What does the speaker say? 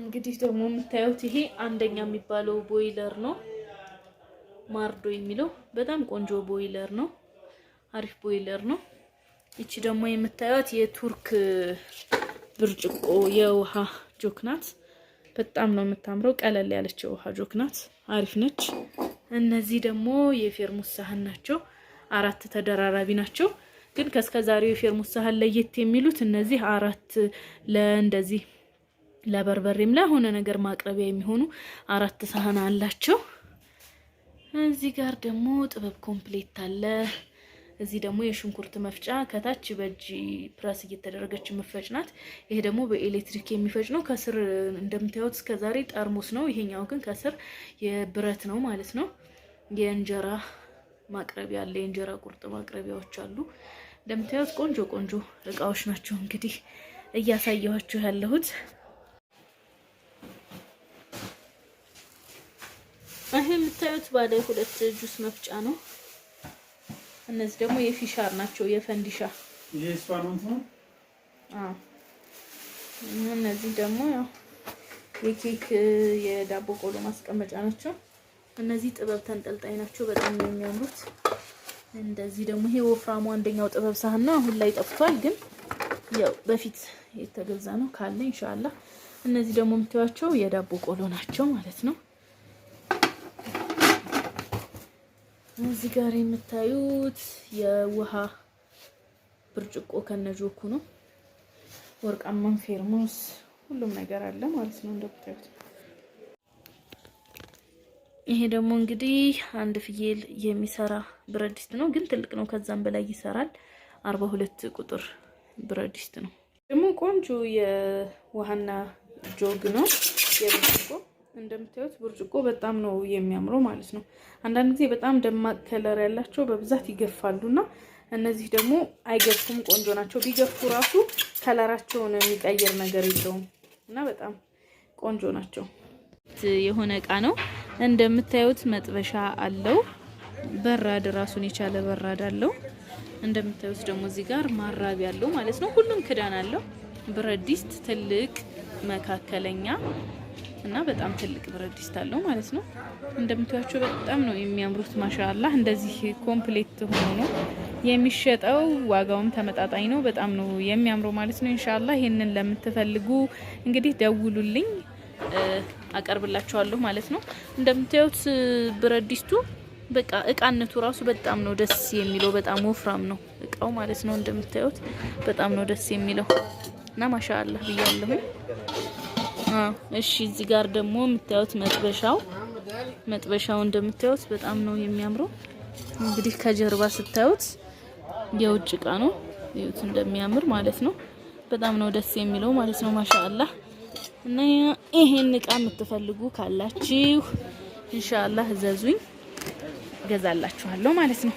እንግዲህ ደግሞ የምታዩት ይሄ አንደኛ የሚባለው ቦይለር ነው። ማርዶ የሚለው በጣም ቆንጆ ቦይለር ነው። አሪፍ ቦይለር ነው። ይቺ ደግሞ የምታዩት የቱርክ ብርጭቆ የውሃ ጆክ ናት። በጣም ነው የምታምረው። ቀለል ያለች የውሃ ጆክ ናት። አሪፍ ነች። እነዚህ ደግሞ የፌርሙስ ሳህን ናቸው። አራት ተደራራቢ ናቸው። ግን ዛሬው የፌርሙስ ሳህን ለየት የሚሉት እነዚህ አራት ለእንደዚህ ለበርበሬም ለሆነ ነገር ማቅረቢያ የሚሆኑ አራት ሳህን አላቸው። እዚህ ጋር ደግሞ ጥበብ ኮምፕሌት አለ። እዚህ ደግሞ የሽንኩርት መፍጫ ከታች በእጅ ፕረስ እየተደረገች መፈጭ ናት። ይሄ ደግሞ በኤሌክትሪክ የሚፈጭ ነው። ከስር እንደምታዩት እስከዛሬ ጠርሙስ ነው። ይሄኛው ግን ከስር የብረት ነው ማለት ነው። የእንጀራ ማቅረቢያ አለ። የእንጀራ ቁርጥ ማቅረቢያዎች አሉ። እንደምታዩት ቆንጆ ቆንጆ እቃዎች ናቸው እንግዲህ እያሳየኋችሁ ያለሁት። ይሄ የምታዩት ባለ ሁለት ጁስ መፍጫ ነው። እነዚህ ደግሞ የፊሻር ናቸው። የፈንዲሻ እነዚህ ደግሞ ያው የኬክ የዳቦ ቆሎ ማስቀመጫ ናቸው። እነዚህ ጥበብ ተንጠልጣይ ናቸው። በጣም ነው የሚያምሩት። እንደዚህ ደግሞ ይሄ ወፍራሙ አንደኛው ጥበብ ሳህን ነው። አሁን ላይ ጠፍቷል፣ ግን ያው በፊት የተገዛ ነው ካለ ኢንሻአላህ። እነዚህ ደግሞ የምታዩቸው የዳቦ ቆሎ ናቸው ማለት ነው። እዚህ ጋር የምታዩት የውሃ ብርጭቆ ከነጆኩ ነው። ወርቃማን ፌርሞስ ሁሉም ነገር አለ ማለት ነው እንደምታዩት። ይሄ ደግሞ እንግዲህ አንድ ፍየል የሚሰራ ብረት ድስት ነው፣ ግን ትልቅ ነው። ከዛም በላይ ይሰራል። አርባ ሁለት ቁጥር ብረት ድስት ነው። ደግሞ ቆንጆ የውሃና ጆግ ነው የብርጭቆ እንደምታዩት ብርጭቆ በጣም ነው የሚያምረው ማለት ነው። አንዳንድ ጊዜ በጣም ደማቅ ከለር ያላቸው በብዛት ይገፋሉ እና እነዚህ ደግሞ አይገፉም፣ ቆንጆ ናቸው። ቢገፉ ራሱ ከለራቸውን የሚቀይር ነገር የለውም እና በጣም ቆንጆ ናቸው። የሆነ እቃ ነው እንደምታዩት መጥበሻ አለው። በራድ ራሱን የቻለ በራድ አለው። እንደምታዩት ደግሞ እዚህ ጋር ማራቢ አለው ማለት ነው። ሁሉም ክዳን አለው። ብረት ድስት ትልቅ፣ መካከለኛ እና በጣም ትልቅ ብረት ድስት አለው ማለት ነው። እንደምታያቸው በጣም ነው የሚያምሩት። ማሻአላህ እንደዚህ ኮምፕሌት ሆኖ ነው የሚሸጠው። ዋጋውም ተመጣጣኝ ነው። በጣም ነው የሚያምረው ማለት ነው። ኢንሻአላህ ይህንን ለምትፈልጉ እንግዲህ ደውሉልኝ፣ አቀርብላችኋለሁ ማለት ነው። እንደምታዩት ብረት ድስቱ በቃ እቃነቱ ራሱ በጣም ነው ደስ የሚለው። በጣም ወፍራም ነው እቃው ማለት ነው። እንደምታዩት በጣም ነው ደስ የሚለው እና ማሻአላህ ብያለሁኝ። እሺ እዚህ ጋር ደግሞ የምታዩት መጥበሻው መጥበሻው እንደምታዩት በጣም ነው የሚያምረው። እንግዲህ ከጀርባ ስታዩት የውጭ እቃ ነው። እዩት እንደሚያምር ማለት ነው። በጣም ነው ደስ የሚለው ማለት ነው። ማሻአላ እና ይሄን እቃ የምትፈልጉ ካላችሁ ኢንሻአላህ እዘዙኝ፣ ገዛላችኋለሁ ማለት ነው።